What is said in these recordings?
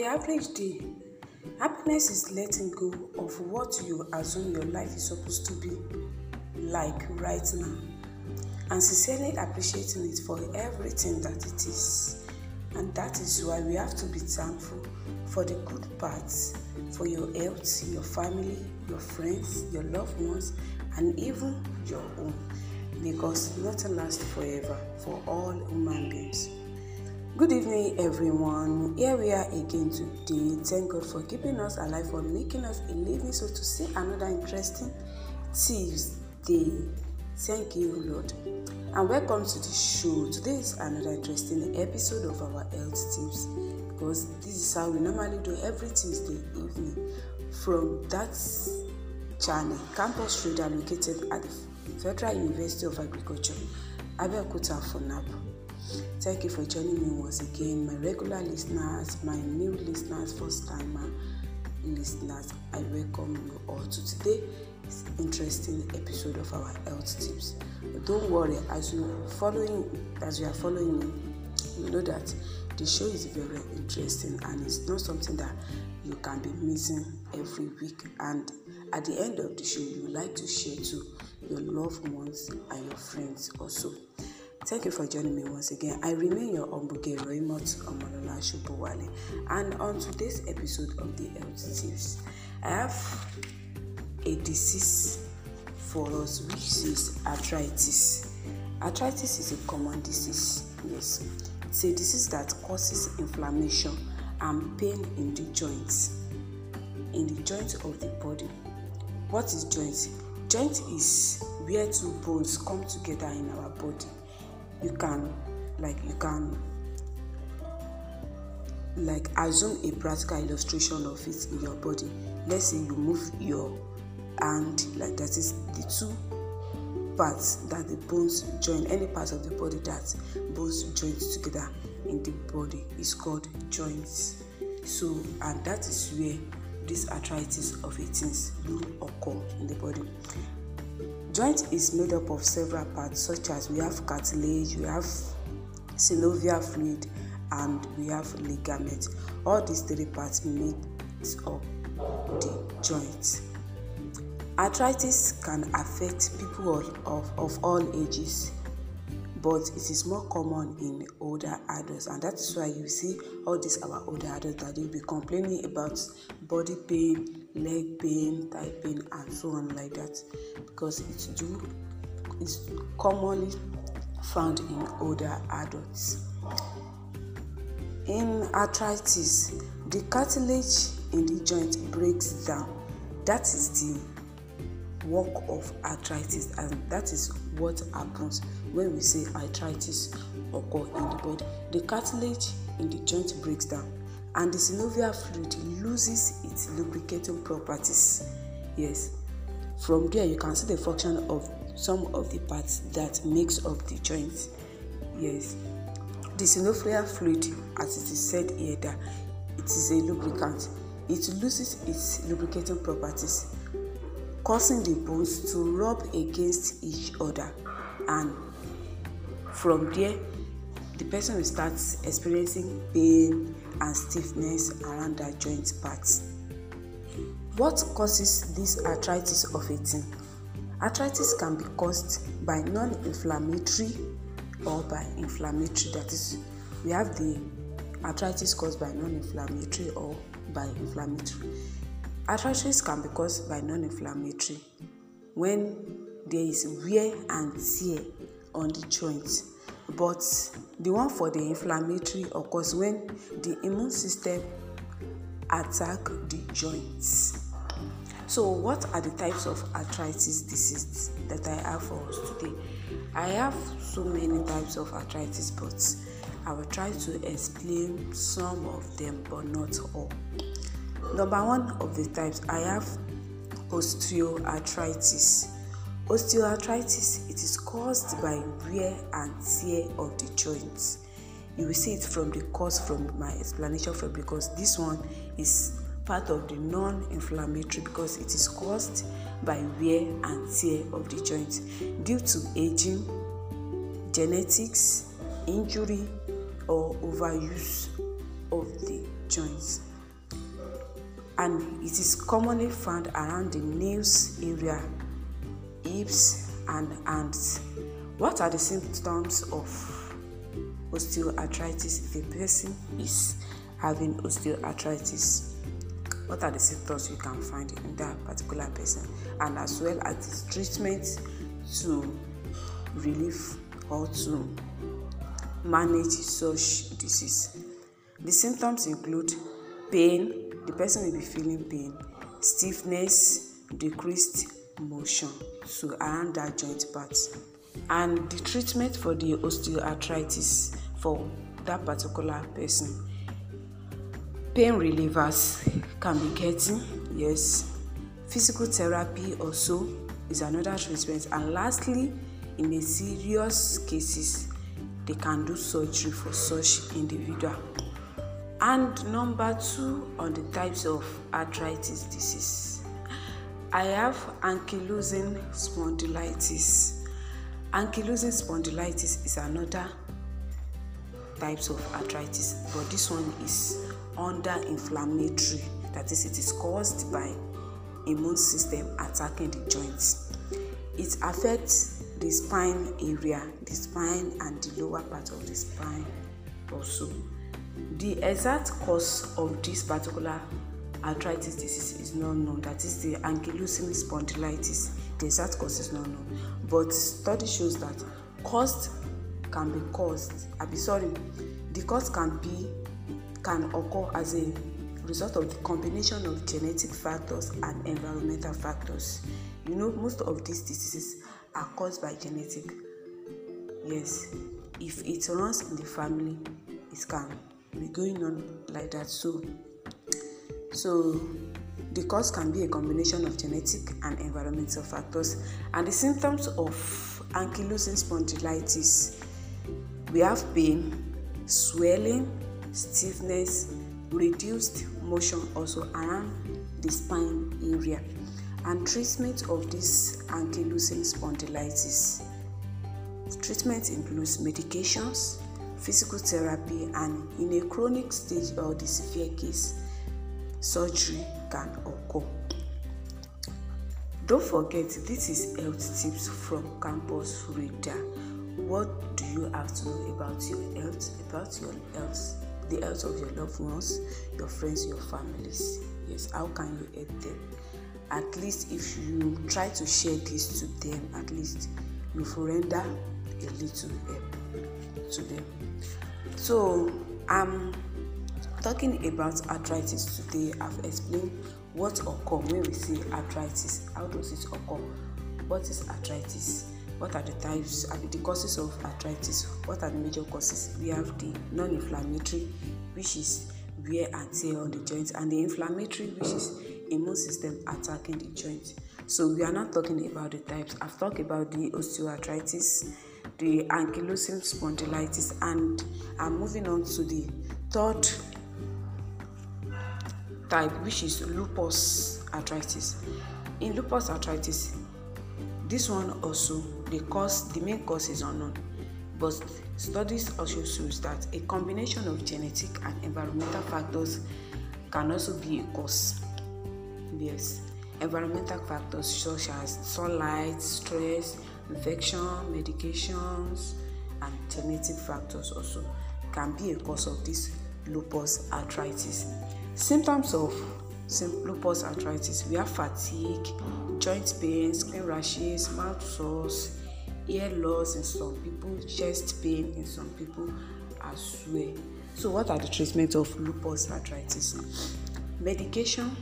the average day, happiness is letting go of what you assume your life is supposed to be like right now and sincerely appreciating it for everything that it is. And that is why we have to be thankful for the good parts, for your health, your family, your friends, your loved ones, and even your own. Because nothing lasts forever for all human beings. Good evening, everyone. Here we are again today. Thank God for keeping us alive, for making us a living. So, to see another interesting Tuesday. Thank you, Lord. And welcome to the show. Today is another interesting episode of our health tips because this is how we normally do every Tuesday evening from that channel, Campus Radio, located at the Federal University of Agriculture, Abeokuta, Funab. Thank you for joining me once again, my regular listeners, my new listeners, first timer listeners. I welcome you all to today's interesting episode of our health tips. But don't worry, as you following, as you are following me, you know that the show is very interesting and it's not something that you can be missing every week. And at the end of the show, you like to share to your loved ones and your friends also. Thank you for joining me once again. I remain your Ombuge Roimot Omolola Shubowale. And on today's episode of the Health Tips, I have a disease for us which is arthritis. Arthritis is a common disease, yes. It's a disease that causes inflammation and pain in the joints, in the joints of the body. What is joint? Joint is where two bones come together in our body you can like you can like assume a practical illustration of it in your body let's say you move your hand like that is the two parts that the bones join any part of the body that bones join together in the body is called joints so and that is where this arthritis of a things will occur in the body Joint is made up of several parts, such as we have cartilage, we have synovial fluid, and we have ligament. All these three parts make up the joint. Arthritis can affect people of, of, all ages, but it is more common in older adults and that's why you see all these our older adults that they'll be complaining about body pain leg pain thigh pain and so on like that because it's do it's commonly found in older adults in arthritis the cartilage in the joint breaks down that is the work of arthritis and that is what happens when we say arthritis occur in the body. The cartilage in the joint breaks down and the synovial fluid loses its lubricating properties. Yes, from there you can see the function of some of the parts that makes up the joint. Yes, the synovial fluid, as it is said here, that it is a lubricant. It loses its lubricating properties, causing the bones to rub against each other, and from there the person will start experiencing pain and stiffness around their joint parts. What causes this arthritis of a Arthritis can be caused by non inflammatory or by inflammatory, that is, we have the arthritis caused by non inflammatory or by inflammatory. Arthritis can be caused by non inflammatory when there is wear and tear on the joints, but The one for the inflammatory occurs when the immune system attack the joints. So, what are the types of arthritis diseases that I have for us today? I have so many types of arthritis, but I will try to explain some of them, but not all. Number one of the types I have osteoarthritis. Osteoarthritis, it is caused by wear and tear of the joints. You will see it from the cause from my explanation for because this one is part of the non-inflammatory because it is caused by wear and tear of the joints due to aging, genetics, injury or overuse of the joints. And it is commonly found around the nails area hips, and hands. What are the symptoms of osteoarthritis if a person is having osteoarthritis? What are the symptoms you can find in that particular person, and as well as the treatment to relieve or to manage such disease. The symptoms include pain, the person will be feeling pain, stiffness, decreased motion so around that joint part and the treatment for the osteoarthritis for that particular person pain relievers can be getting yes physical therapy also is another treatment and lastly in the serious cases they can do surgery for such individual and number two on the types of arthritis disease I have ankylosing spondylitis. Ankylosing spondylitis is another types of arthritis, but this one is under inflammatory. That is, it is caused by immune system attacking the joints. It affects the spine area, the spine and the lower part of the spine also. The exact cause of this particular arthritis disease is not known, that is the ankylosing spondylitis. The exact cause is not known, but study shows that cost can be caused. I be sorry, the cause can be can occur as a result of the combination of genetic factors and environmental factors. You know, most of these diseases are caused by genetic. Yes, if it runs in the family, it can be going on like that. So so, the cause can be a combination of genetic and environmental factors, and the symptoms of ankylosing spondylitis we have pain, swelling, stiffness, reduced motion also around the spine area, and treatment of this ankylosing spondylitis. Treatment includes medications, physical therapy, and in a chronic stage or the severe case, surgery can occur. Don't forget, this is health tips from Campus Reader. What do you have to know about your health, about your health, the health of your loved ones, your friends, your families? Yes, how can you help them? At least if you try to share this to them, at least you render a little help to them. So, um, Talking about arthritis today, I've explained what occurs when we say arthritis. How does it occur? What is arthritis? What are the types? Are the causes of arthritis? What are the major causes? We have the non-inflammatory, which is wear and tear on the joints, and the inflammatory, which is immune system attacking the joint. So we are not talking about the types. I've talked about the osteoarthritis, the ankylosing spondylitis, and I'm moving on to the third type, which is lupus arthritis. In lupus arthritis, this one also the cause, the main cause is unknown, but studies also shows that a combination of genetic and environmental factors can also be a cause. Yes, environmental factors such as sunlight, stress, infection, medications, and genetic factors also can be a cause of this lupus arthritis. Symptoms of lupus arthritis we have fatigue, joint pain, skin rashes, mouth sores, ear loss in some people, chest pain in some people as well. So, what are the treatments of lupus arthritis? Medication,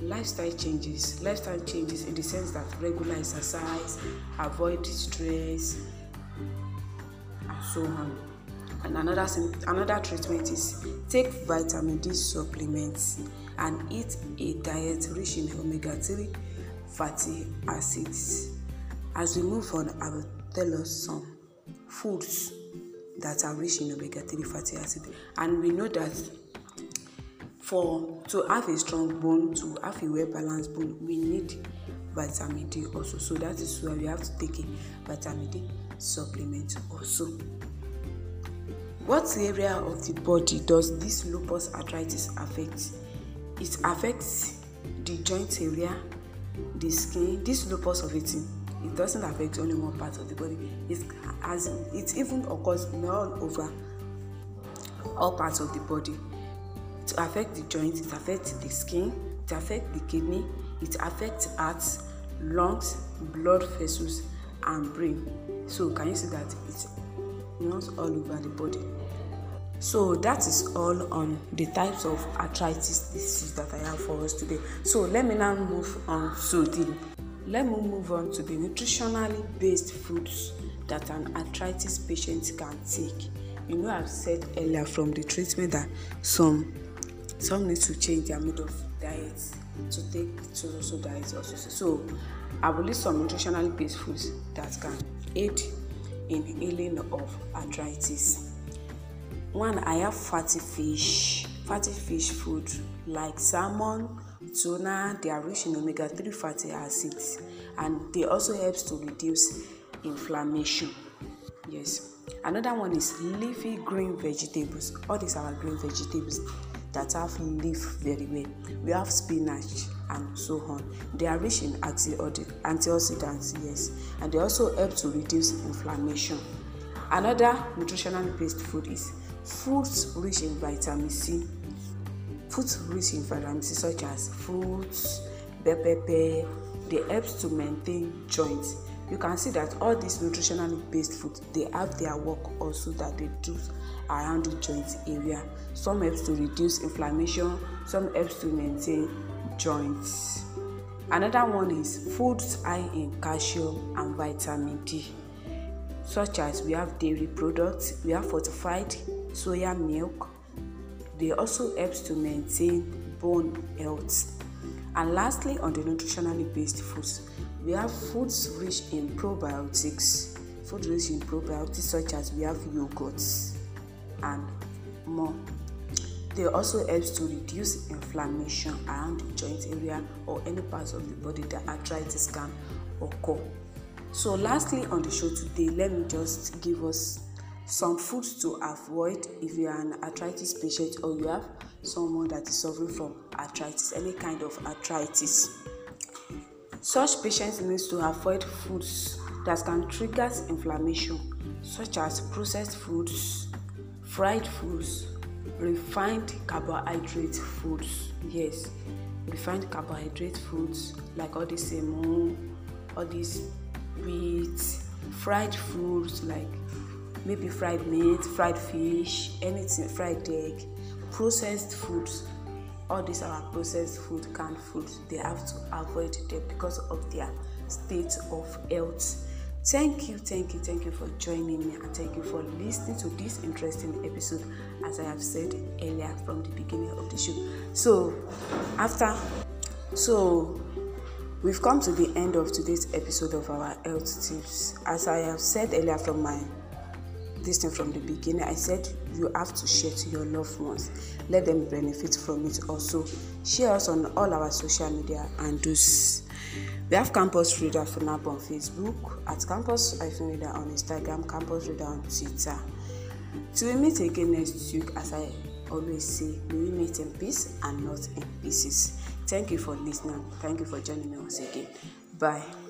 lifestyle changes, lifestyle changes in the sense that regular exercise, avoid stress, and so on. And another another treatment is take vitamin D supplements and eat a diet rich in omega-3 fatty acids. As we move on, I will tell us some foods that are rich in omega-3 fatty acid, and we know that for to have a strong bone, to have a well-balanced bone, we need vitamin D also. So that is why we have to take a vitamin D supplement also. What area of the body does this lupus arthritis affect? It affects the joint area, the skin. This lupus of it, it doesn't affect only one part of the body. It has it even occurs in all over all parts of the body. To affect the joint, it affects the skin, it affects the kidney, it affects heart, lungs, blood vessels, and brain. So can you see that it's not all over the body. So that is all on the types of arthritis disease that I have for us today. So let me now move on to the let me move on to the nutritionally based foods that an arthritis patient can take. You know I've said earlier from the treatment that some some need to change their mode of diet to take to also diet also. So I will list some nutritionally based foods that can aid in healing of arthritis. One, I have fatty fish. Fatty fish food like salmon, tuna, they are rich in omega 3 fatty acids and they also helps to reduce inflammation. Yes. Another one is leafy green vegetables. All these are green vegetables that have leaf very well. We have spinach, and so on. They are rich in antioxidants, yes, and they also help to reduce inflammation. Another nutritional based food is foods rich in vitamin C. Foods rich in vitamin C, such as fruits, pepper, they help to maintain joints. You can see that all these nutritionally based foods they have their work also that they do around the joint area. Some helps to reduce inflammation, some helps to maintain joints. Another one is foods high in calcium and vitamin D, such as we have dairy products, we have fortified soya milk. They also helps to maintain bone health. And lastly, on the nutritionally based foods, we have foods rich in probiotics, Foods rich in probiotics such as we have yogurts and more. They also helps to reduce inflammation around the joint area or any parts of the body that arthritis can occur. So lastly on the show today, let me just give us some foods to avoid if you are an arthritis patient or you have someone that is suffering from arthritis, any kind of arthritis. Such patients needs to avoid foods that can trigger inflammation such as processed foods, fried foods, refined carbohydrate foods yes refined carbohydrate foods like all this semo all this wheat fried foods like maybe fried meat fried fish anything fried egg processed foods all these are processed food canned food they have to avoid them because of their state of health Thank you, thank you, thank you for joining me and thank you for listening to this interesting episode, as I have said earlier from the beginning of the show. So, after, so we've come to the end of today's episode of our health tips. As I have said earlier from my this thing from the beginning. I said you have to share to your loved ones. Let them benefit from it also. Share us on all our social media and those. We have Campus Reader Funab on Facebook, at Campus Reader on Instagram, Campus Reader on Twitter. Till we meet again next week, as I always say, may we meet in peace and not in pieces. Thank you for listening. Thank you for joining me once again. Bye.